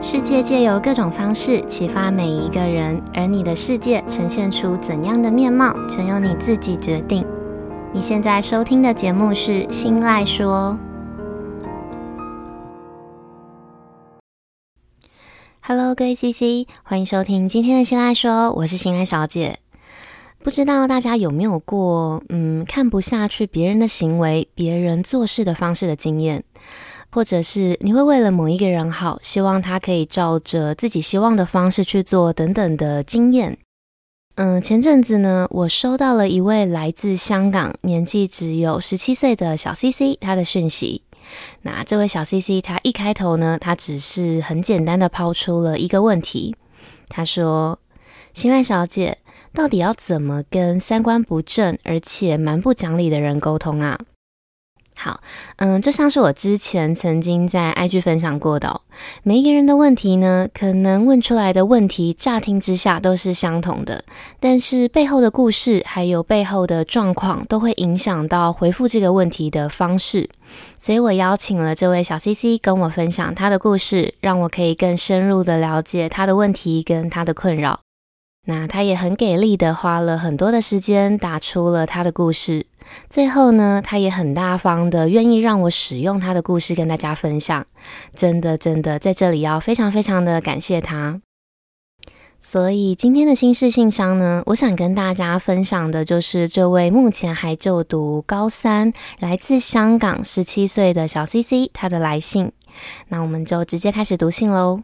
世界借由各種方式啟發每一個人，而你的世界呈現出怎樣的面貌，全由你自己決定。你現在收聽的節目是《心賴說》。Hello，各位 C C，歡迎收聽今天的《心賴說》，我是心賴小姐。不知道大家有沒有過，嗯，看不下去別人的行為、別人做事的方式的經驗？或者是你會為了某一個人好，希望他可以照着自己希望的方式去做，等等的經驗。嗯，前陣子呢，我收到了一位來自香港、年紀只有十七歲的小 C C 他的訊息。那這位小 C C 他一開頭呢，他只是很簡單的拋出了一個問題，他說：“心賴小姐，到底要怎麼跟三觀不正而且蠻不講理的人溝通啊？”好，嗯，就像是我之前曾經在 IG 分享過的、哦、每一個人的問題呢，可能問出來的問題乍聽之下都是相同的，但是背後的故事還有背後的狀況都會影響到回復這個問題的方式。所以我邀請了這位小 C C 跟我分享他的故事，讓我可以更深入的了解他的問題跟他的困擾。那他也很給力的，花了很多的時間打出了他的故事。最後呢，他也很大方的，願意讓我使用他的故事跟大家分享。真的，真的，在這裡要非常非常的感謝他。所以，今天的心事信箱呢，我想跟大家分享的就是這位目前還就讀高三、來自香港、十七歲的小 C C 他的來信。那我們就直接開始讀信嘍，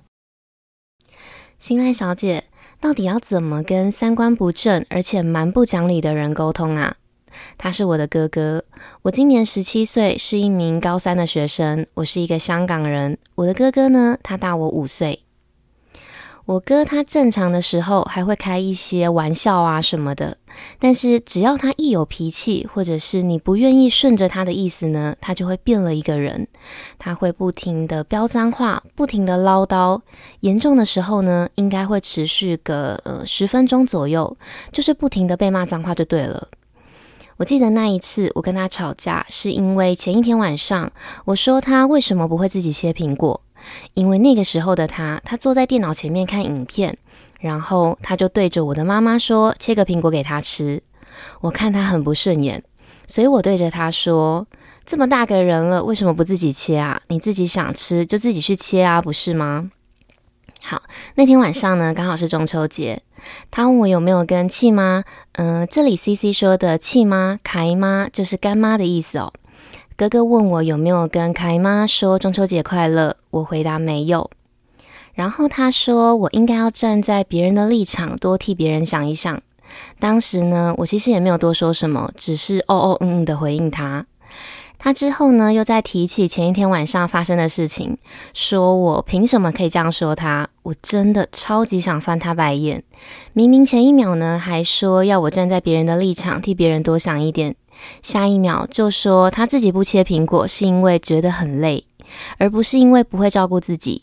心賴小姐。到底要怎麼跟三觀不正而且蠻不講理的人溝通啊？他是我的哥哥，我今年十七歲，是一名高三的學生，我是一個香港人。我的哥哥呢，他大我五歲。我哥他正常的時候還會開一些玩笑啊什麼的，但是只要他一有脾氣，或者是你不願意順着他的意思呢，他就會變了一個人。他會不停的飆髒話，不停的嘮叨，嚴重的時候呢，應該會持續個呃十分鐘左右，就是不停的被罵髒話就對了。我記得那一次我跟他吵架，是因為前一天晚上我說他為什麼不會自己切蘋果。因為那個時候的他，他坐在電腦前面看影片，然後他就對着我的媽媽說：“切個蘋果給他吃。”我看他很不順眼，所以我對着他說：“這麼大個人了，為什麼不自己切啊？你自己想吃就自己去切啊，不是嗎？”好，那天晚上呢，剛好是中秋節，他問我有沒有跟契媽……嗯、呃，這裡 CC 說的契媽、卡姨媽就是乾媽的意思哦。哥哥問我有沒有跟凱媽說中秋節快樂，我回答沒有。然後他說我應該要站在別人的立場，多替別人想一想。當時呢，我其實也沒有多說什麼，只是哦哦嗯嗯的回應他。他之後呢又再提起前一天晚上發生的事情，說我憑什麼可以這樣說他？我真的超級想翻他白眼。明明前一秒呢還說要我站在別人的立場，替別人多想一點。下一秒就說他自己不切蘋果是因為覺得很累，而不是因為不會照顧自己。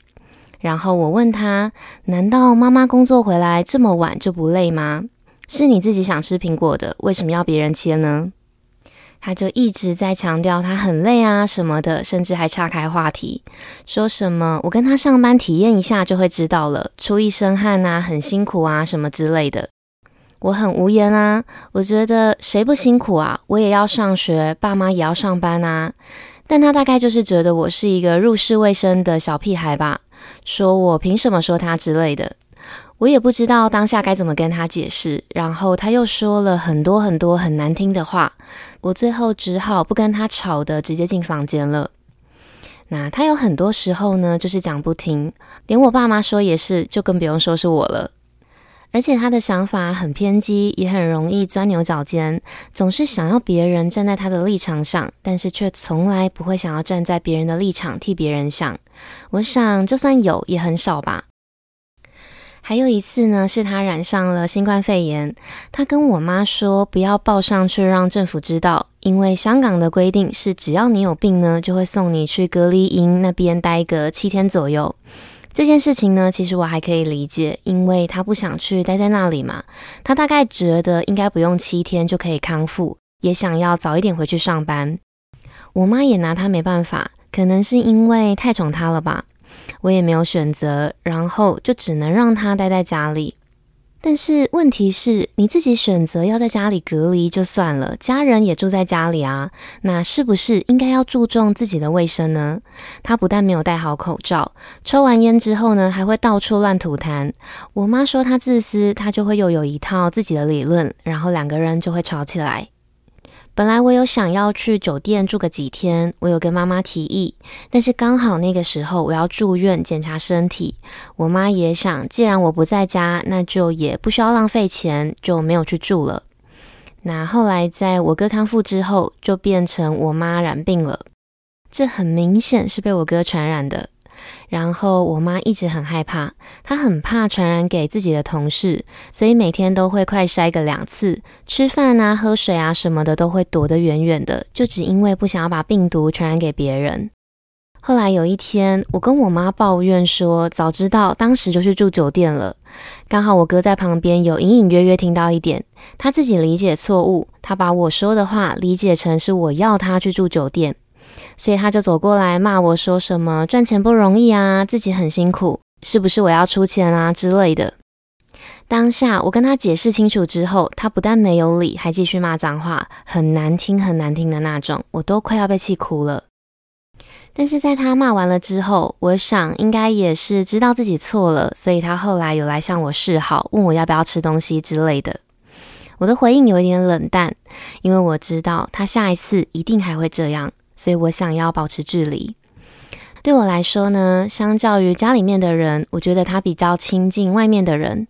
然後我問他，難道媽媽工作回來這麼晚就不累嗎？是你自己想吃蘋果的，為什麼要別人切呢？他就一直在強調他很累啊什麼的，甚至還岔開話題，說什麼我跟他上班體驗一下就會知道了，出一身汗啊，很辛苦啊什麼之類的。我很無言啊，我覺得誰不辛苦啊？我也要上學，爸媽也要上班啊。但他大概就是覺得我是一個入世未深的小屁孩吧，說我憑什麼說他之類的。我也不知道當下該怎麼跟他解釋，然後他又說了很多很多很難聽的話。我最後只好不跟他吵的，直接進房間了。那他有很多時候呢，就是講不聽，連我爸媽說也是，就更不用說是我了。而且他的想法很偏激，也很容易鑽牛角尖，總是想要別人站在他的立場上，但是卻從來不會想要站在別人的立場替別人想。我想，就算有，也很少吧。還有一次呢，是他染上了新冠肺炎，他跟我媽說不要報上去讓政府知道，因為香港的規定是只要你有病呢，就會送你去隔離營那邊待個七天左右。這件事情呢，其實我還可以理解，因為他不想去待在那裡嘛。他大概覺得應該不用七天就可以康復，也想要早一點回去上班。我媽也拿他沒辦法，可能是因為太寵他了吧。我也沒有選擇，然後就只能讓他待在家裡。但是問題是，你自己選擇要在家裡隔離就算了，家人也住在家裡啊，那是不是應該要注重自己的衛生呢？他不但沒有戴好口罩，抽完煙之後呢，還會到處亂吐痰。我媽說他自私，他就會又有，有一套自己的理論，然後兩個人就會吵起來。本來我有想要去酒店住個幾天，我有跟媽媽提議，但是剛好那個時候我要住院檢查身體，我媽也想，既然我不在家，那就也不需要浪費錢，就沒有去住了。那後來在我哥康復之後，就變成我媽染病了，這很明顯是被我哥傳染的。然後我媽一直很害怕，她很怕傳染給自己的同事，所以每天都會快篩個兩次，吃飯啊、喝水啊什麼的都會躲得遠遠的，就只因為不想要把病毒傳染給別人。後來有一天，我跟我媽抱怨說，早知道當時就去住酒店了。剛好我哥在旁邊，有隱隱約約聽到一點，他自己理解錯誤，他把我說的話理解成是我要他去住酒店。所以他就走過來罵我說：“什麼賺錢不容易啊，自己很辛苦，是不是我要出錢啊之類的。”當下我跟他解釋清楚之後，他不但沒有理，還繼續罵髒話，很難聽很難聽的那種，我都快要被氣哭了。但是在他罵完了之後，我想應該也是知道自己錯了，所以他後來有來向我示好，問我要不要吃東西之類的。我的回應有一點冷淡，因為我知道他下一次一定還會這樣。所以我想要保持距離。對我來說呢，相較於家裡面的人，我覺得他比較親近外面的人。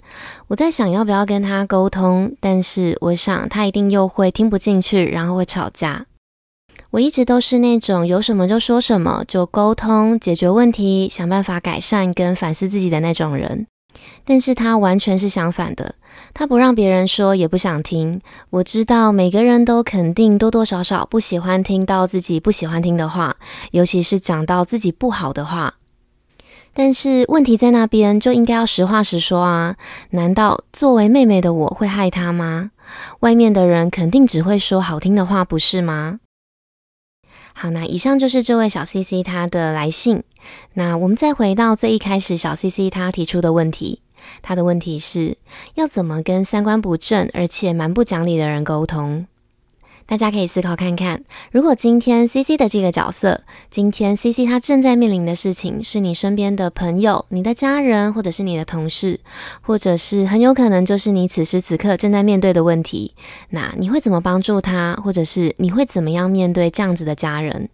我在想要不要跟他溝通，但是我想他一定又會聽不進去，然後會吵架。我一直都是那種有什麼就說什麼，就溝通解決問題，想辦法改善跟反思自己的那種人。但是他完全是相反的，他不讓別人說，也不想聽。我知道每個人都肯定多多少少不喜歡聽到自己不喜歡聽的話，尤其是講到自己不好的話。但是問題在那邊，就應該要實話實說啊！難道作為妹妹的我會害他嗎？外面的人肯定只會說好聽的話，不是嗎？好，那以上就是這位小 CC 他的來信。那我們再回到最一開始，小 CC 他提出的問題，他的問題是：要怎麼跟三觀不正而且蠻不講理的人溝通？大家可以思考看看，如果今天 CC 的這個角色，今天 CC 他正在面臨的事情是你身邊的朋友、你的家人，或者是你的同事，或者是很有可能就是你此時此刻正在面對的問題，那你會怎麼幫助他，或者是你會怎麼樣面對這樣子的家人？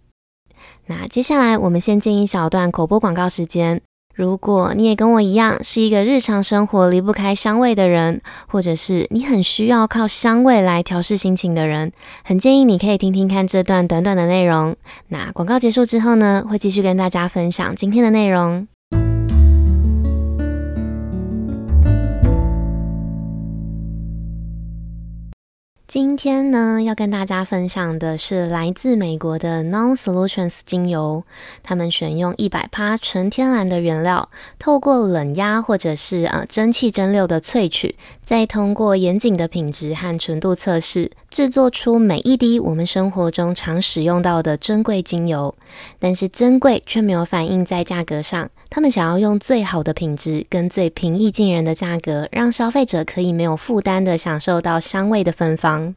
那接下來我們先進一小段口播廣告時間。如果你也跟我一樣是一個日常生活離不開香味的人，或者是你很需要靠香味來調適心情的人，很建議你可以聽聽看這段短短的內容。那廣告結束之後呢，會繼續跟大家分享今天的內容。今天呢，要跟大家分享的是來自美國的 NOW Solutions 精油。他們選用一百趴純天然的原料，透過冷壓或者是啊、呃、蒸汽蒸餾的萃取。再通過嚴謹的品質和純度測試，制作出每一滴我們生活中常使用到的珍貴精油。但是珍貴卻沒有反映在價格上，他們想要用最好的品質跟最平易近人的價格，讓消費者可以沒有負擔地享受到香味的芬芳。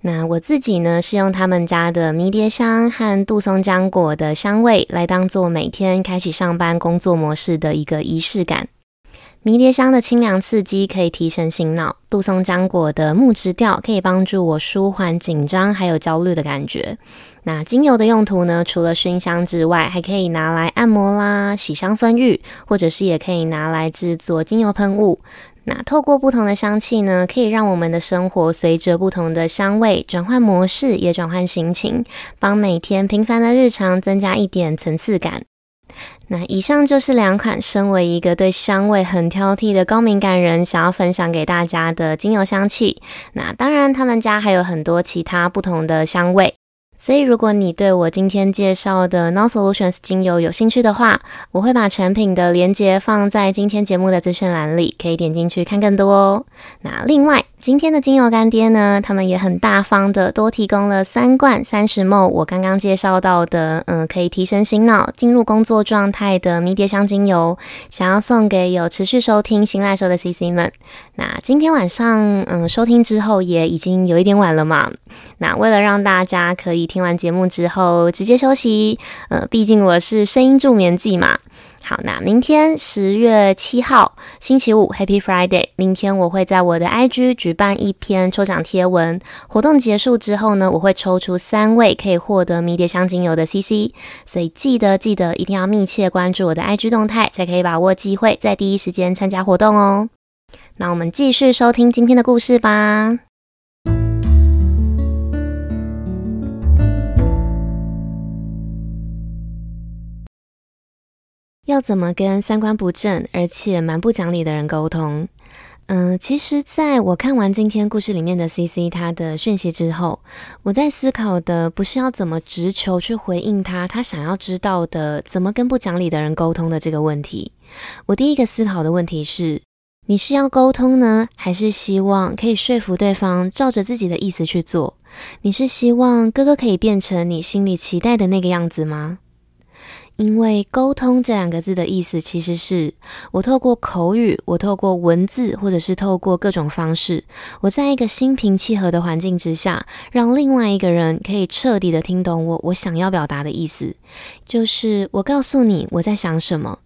那我自己呢，是用他們家的迷迭香和杜松漿果的香味，來當作每天開啟上班工作模式的一個儀式感。迷迭香的清涼刺激可以提神醒腦，杜松漿果的木質調可以幫助我舒緩緊張還有焦慮的感覺。那精油的用途呢？除了熏香之外，還可以拿來按摩啦、洗香氛浴，或者是也可以拿來制作精油噴霧。那透過不同的香氣呢，可以讓我們的生活隨着不同的香味轉換模式，也轉換心情，幫每天平凡的日常增加一點層次感。那以上就是兩款身為一個對香味很挑剔的高敏感人想要分享給大家的精油香氣。那當然，他們家還有很多其他不同的香味。所以，如果你對我今天介紹的 NOW Solutions 精油有興趣的話，我會把產品的鏈接放在今天節目的資訊欄裡，可以點進去看更多哦。那另外，今天的精油乾爹呢，他們也很大方的，多提供了三罐三十 ml 我剛剛介紹到的，嗯、呃，可以提神醒腦、進入工作狀態的迷迭香精油，想要送給有持續收聽心賴說的 C C 們。那今天晚上，嗯、呃，收聽之後也已經有一點晚了嘛，那為了讓大家可以聽完節目之後直接休息，呃，畢竟我是聲音助眠劑嘛。好，那明天十月七號星期五，Happy Friday！明天我會在我的 IG 舉辦一篇抽獎貼文活動。結束之後呢，我會抽出三位可以獲得迷迭香精油的 CC，所以記得記得一定要密切關注我的 IG 動態，才可以把握機會，在第一時間參加活動哦。那我們繼續收聽今天的故事吧。要怎麼跟三觀不正而且蠻不講理的人溝通？嗯、呃，其實在我看完今天故事裡面的 CC 他的訊息之後，我在思考的不是要怎麼直球去回應他，他想要知道的，怎麼跟不講理的人溝通的這個問題。我第一個思考的問題是：你是要溝通呢，還是希望可以說服對方照着自己的意思去做？你是希望哥哥可以變成你心裡期待的那個樣子嗎？因為“溝通”這兩個字的意思，其實是我透過口語，我透過文字，或者是透過各種方式，我在一個心平氣和的環境之下，讓另外一個人可以徹底的聽懂我我想要表達的意思，就是我告訴你我在想什麼。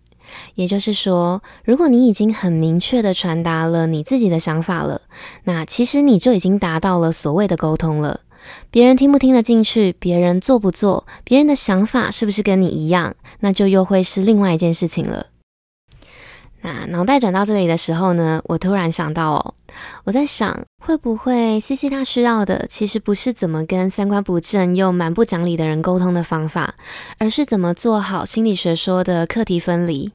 也就是說，如果你已經很明確的傳達了你自己的想法了，那其實你就已經達到了所謂的溝通了。別人聽不聽得進去，別人做不做，別人的想法是不是跟你一樣，那就又會是另外一件事情了。那腦袋轉到這裡的時候呢，我突然想到哦，我在想，會不會 C C 他需要的其實不是怎麼跟三觀不正又蠻不講理的人溝通的方法，而是怎麼做好心理學說的課題分離。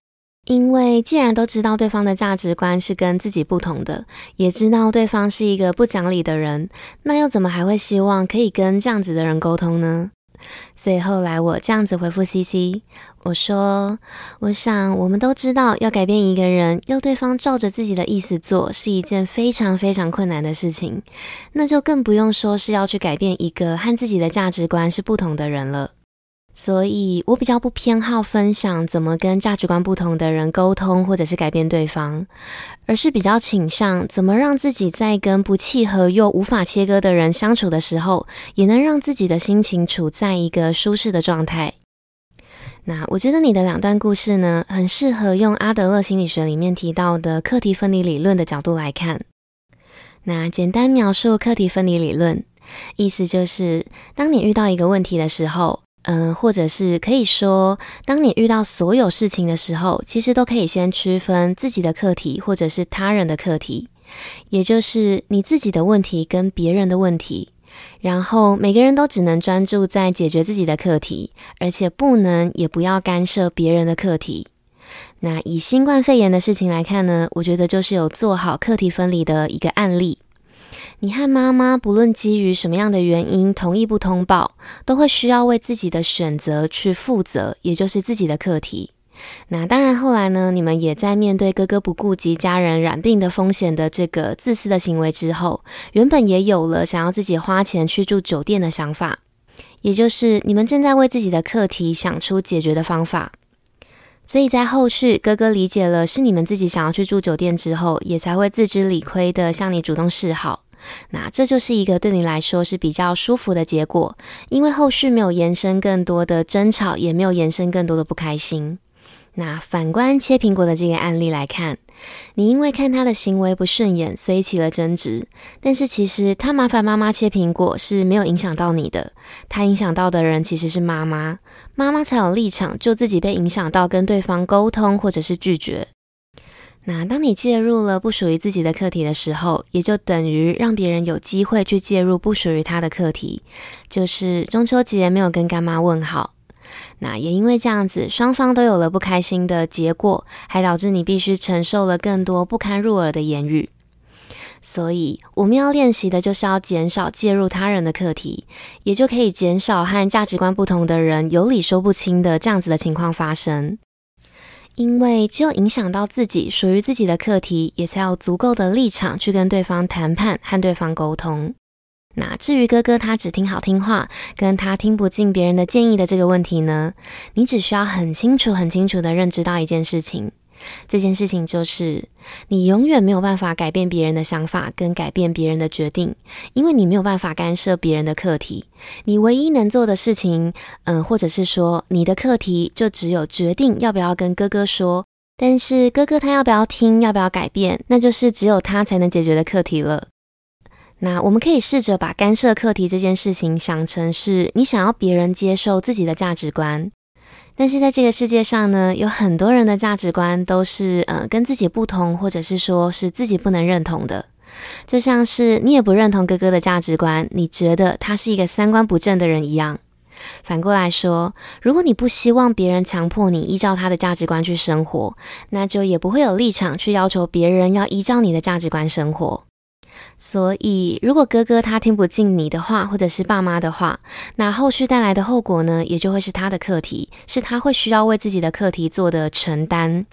因為既然都知道對方的價值觀是跟自己不同的，也知道對方是一個不講理的人，那又怎麼還會希望可以跟這樣子的人溝通呢？所以後來我這樣子回復 CC，我說，我想我們都知道，要改變一個人，要對方照着自己的意思做，是一件非常非常困難的事情，那就更不用說是要去改變一個和自己的價值觀是不同的人了。所以，我比較不偏好分享怎麼跟價值觀不同的人溝通，或者是改變對方，而是比較傾向怎麼讓自己在跟不契合又無法切割的人相處的時候，也能讓自己的心情處在一個舒適的狀態。那我覺得你的兩段故事呢，很適合用阿德勒心理學裡面提到的課題分離理論的角度來看。那簡單描述課題分離理論，意思就是當你遇到一個問題的時候，嗯，或者是可以說，當你遇到所有事情的時候，其實都可以先區分自己的課題或者是他人的課題，也就是你自己的問題跟別人的問題。然後每個人都只能專注在解決自己的課題，而且不能也不要干涉別人的課題。那以新冠肺炎的事情來看呢，我覺得就是有做好課題分離的一個案例。你和媽媽不論基於什麼樣的原因同意不通報，都會需要為自己的選擇去負責，也就是自己的課題。那當然，後來呢，你們也在面對哥哥不顧及家人染病的風險的這個自私的行為之後，原本也有了想要自己花錢去住酒店的想法，也就是你們正在為自己的課題想出解決的方法。所以在後續哥哥理解了是你們自己想要去住酒店之後，也才會自知理虧的向你主動示好。那這就是一個對你來說是比較舒服的結果，因為後續沒有延伸更多的爭吵，也沒有延伸更多的不開心。那反觀切蘋果的這個案例來看，你因為看他的行為不順眼，所以起了爭執。但是其實他麻煩媽媽切蘋果是沒有影響到你的，他影響到的人其實是媽媽，媽媽才有立場，就自己被影響到跟對方溝通或者是拒絕。那當你介入了不屬於自己的課題的時候，也就等於讓別人有機會去介入不屬於他的課題，就是中秋節沒有跟乾媽問好。那也因為這樣子，雙方都有了不開心的結果，還導致你必須承受了更多不堪入耳的言語。所以我們要練習的就是要減少介入他人的課題，也就可以減少和價值觀不同的人有理說不清的這樣子的情況發生。因為只有影響到自己，屬於自己的課題，也才有足夠的立場去跟對方談判、和對方溝通。那至於哥哥他只聽好聽話，跟他聽不進別人的建議的這個問題呢，你只需要很清楚、很清楚的認知到一件事情。這件事情就是，你永遠沒有辦法改變別人的想法跟改變別人的決定，因為你沒有辦法干涉別人的課題。你唯一能做的事情，嗯、呃，或者是說你的課題就只有決定要不要跟哥哥說，但是哥哥他要不要聽，要不要改變，那就是只有他才能解決的課題了。那我們可以試着把干涉課題這件事情想成是你想要別人接受自己的價值觀。但是在這個世界上呢，有很多人的價值觀都是呃跟自己不同，或者是說是自己不能認同的，就像是你也不認同哥哥的價值觀，你覺得他是一個三觀不正的人一樣。反過來說，如果你不希望別人強迫你依照他的價值觀去生活，那就也不會有立場去要求別人要依照你的價值觀生活。所以，如果哥哥他聽不進你的話，或者是爸媽的話，那後續帶來的後果呢，也就會是他的課題，是他會需要為自己的課題做的承擔。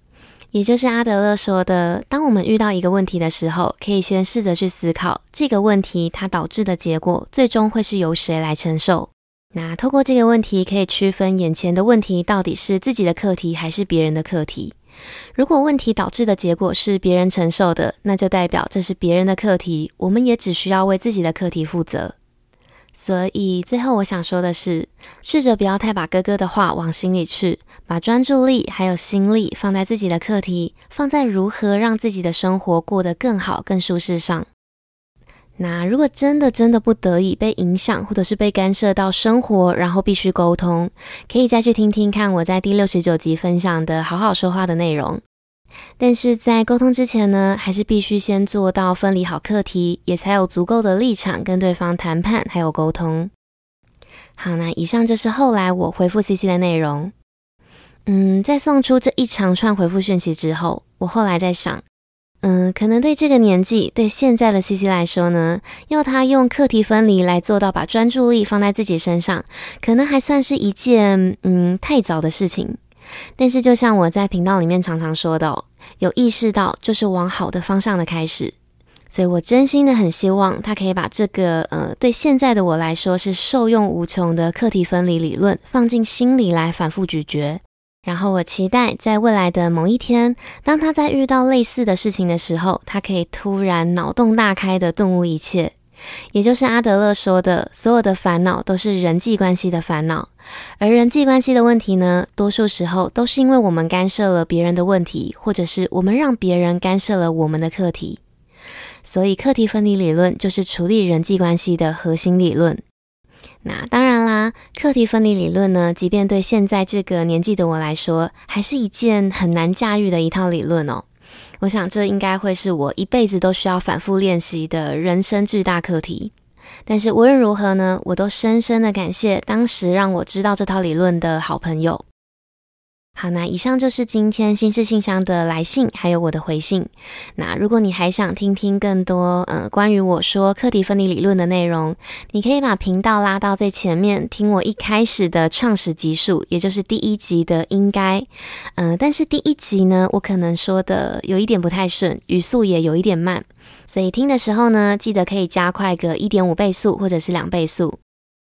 也就是阿德勒說的，當我們遇到一個問題的時候，可以先試着去思考這個問題它導致的結果，最終會是由誰來承受。那透過這個問題，可以區分眼前的問題到底是自己的課題還是別人的課題。如果問題導致的結果是別人承受的，那就代表這是別人的課題，我們也只需要為自己的課題負責。所以最後我想說的是，試着不要太把哥哥的話往心裡去，把專注力還有心力放在自己的課題，放在如何讓自己的生活過得更好、更舒適上。那如果真的真的不得已被影響，或者是被干涉到生活，然後必須溝通，可以再去聽聽看我在第六十九集分享的好好說話的內容。但是在溝通之前呢，還是必須先做到分離好課題，也才有足夠的立場跟對方談判還有溝通。好，那以上就是後來我回復 CC 的內容。嗯，在送出這一長串回復訊息之後，我後來在想。嗯、呃，可能對這個年紀、對現在的 C C 來說呢，要他用課題分離來做到把專注力放在自己身上，可能還算是一件嗯太早的事情。但是，就像我在頻道裡面常常說的、哦，有意識到就是往好的方向的開始。所以我真心的很希望他可以把這個呃，對現在的我來說是受用無窮的課題分離理論放進心裡來反覆咀嚼然後我期待在未來的某一天，當他在遇到類似的事情的時候，他可以突然腦洞大開的頓悟一切。也就是阿德勒說的，所有的煩惱都是人際關係的煩惱，而人際關係的問題呢，多數時候都是因為我們干涉了別人的問題，或者是我們讓別人干涉了我們的課題。所以，課題分離理論就是處理人際關係的核心理論。那當然啦，課題分離理論呢，即便對現在這個年紀的我來說，還是一件很難駕馭的一套理論哦。我想這應該會是我一輩子都需要反覆練習的人生巨大課題。但是無論如何呢，我都深深的感謝當時讓我知道這套理論的好朋友。好，那以上就是今天心事信箱的來信，還有我的回信。那如果你還想聽聽更多呃關於我說課題分離理論的內容，你可以把頻道拉到最前面，聽我一開始的創始集數，也就是第一集的應該。嗯、呃，但是第一集呢，我可能說的有一點不太順，語速也有一點慢，所以聽的時候呢，記得可以加快個一點五倍速或者是兩倍速。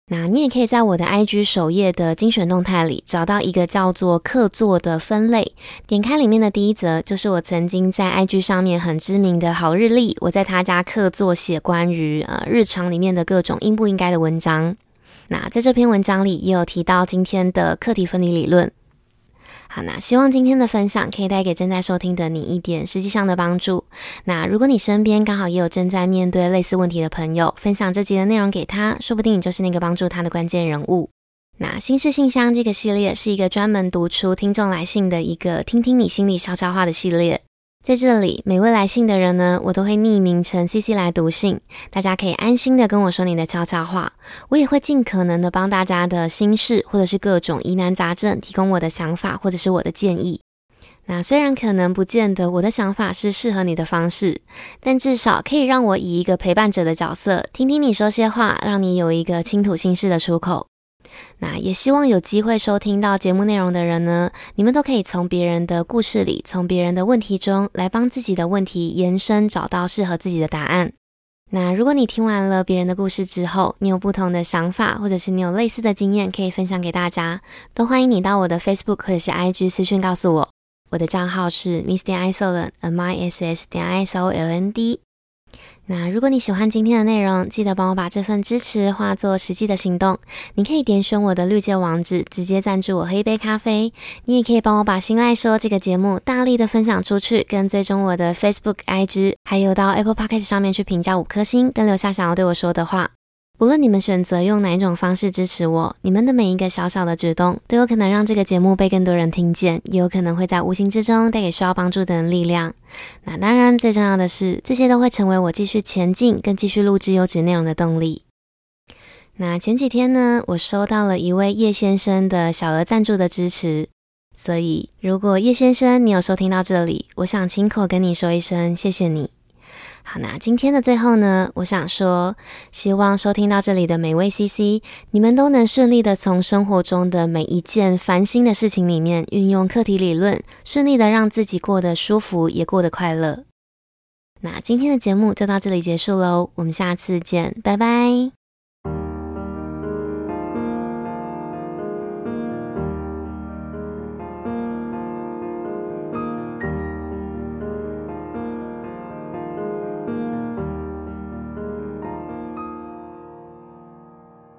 那你也可以在我的 IG 首頁的精選動態裡找到一個叫做“客座”的分類，點開裡面的第一則，就是我曾經在 IG 上面很知名的好日曆，我在他家客座寫關於呃日常裡面的各種應不應該的文章。那在這篇文章裡也有提到今天的課題分離理論。好，那希望今天的分享可以帶給正在收聽的你一點實際上的幫助。那如果你身邊剛好也有正在面對類似問題的朋友，分享這集的內容給他，說不定你就是那個幫助他的關鍵人物。那《心事信箱》這個系列是一個專門讀出聽眾來信的一個聽聽你心裡悄悄話的系列。在這裡，每位來信的人呢，我都會匿名成 CC 來讀信，大家可以安心的跟我說你的悄悄話，我也會盡可能的幫大家的心事或者是各種疑難雜症提供我的想法或者是我的建議。那雖然可能不見得我的想法是適合你的方式，但至少可以讓我以一個陪伴者的角色，聽聽你說些話，讓你有一個傾吐心事的出口。那也希望有機會收聽到節目內容的人呢，你們都可以從別人的故事裡，從別人的問題中，來幫自己的問題，延伸，找到適合自己的答案。那如果你聽完了別人的故事之後，你有不同的想法，或者是你有類似的經驗可以分享給大家，都歡迎你到我的 Facebook 或者是 IG 私訊告訴我，我的賬號是 Miss Isoland M I S S 點 I S O L A N D。那如果你喜歡今天的內容，記得幫我把這份支持化作實際的行動。你可以點選我的綠界網址，直接贊助我喝一杯咖啡。你也可以幫我把《心賴說》這個節目大力的分享出去，跟追蹤我的 Facebook、IG，還有到 Apple Podcast 上面去評價五顆星，跟留下想要對我說的話。無論你們選擇用哪一種方式支持我，你們的每一個小小的舉動都有可能讓這個節目被更多人聽見，也有可能會在無形之中帶給需要幫助的人力量。那當然，最重要的是，這些都會成為我繼續前進跟繼續錄制優質內容的動力。那前幾天呢，我收到了一位葉先生的小額贊助的支持，所以如果葉先生你有收聽到這裡，我想親口跟你說一聲謝謝你。好，那今天的最後呢，我想說，希望收聽到這裡的每位 CC，你們都能順利的從生活中的每一件煩心的事情裡面運用課題理論，順利的讓自己過得舒服，也過得快樂。那今天的節目就到這裡結束嘍，我們下次見，拜拜。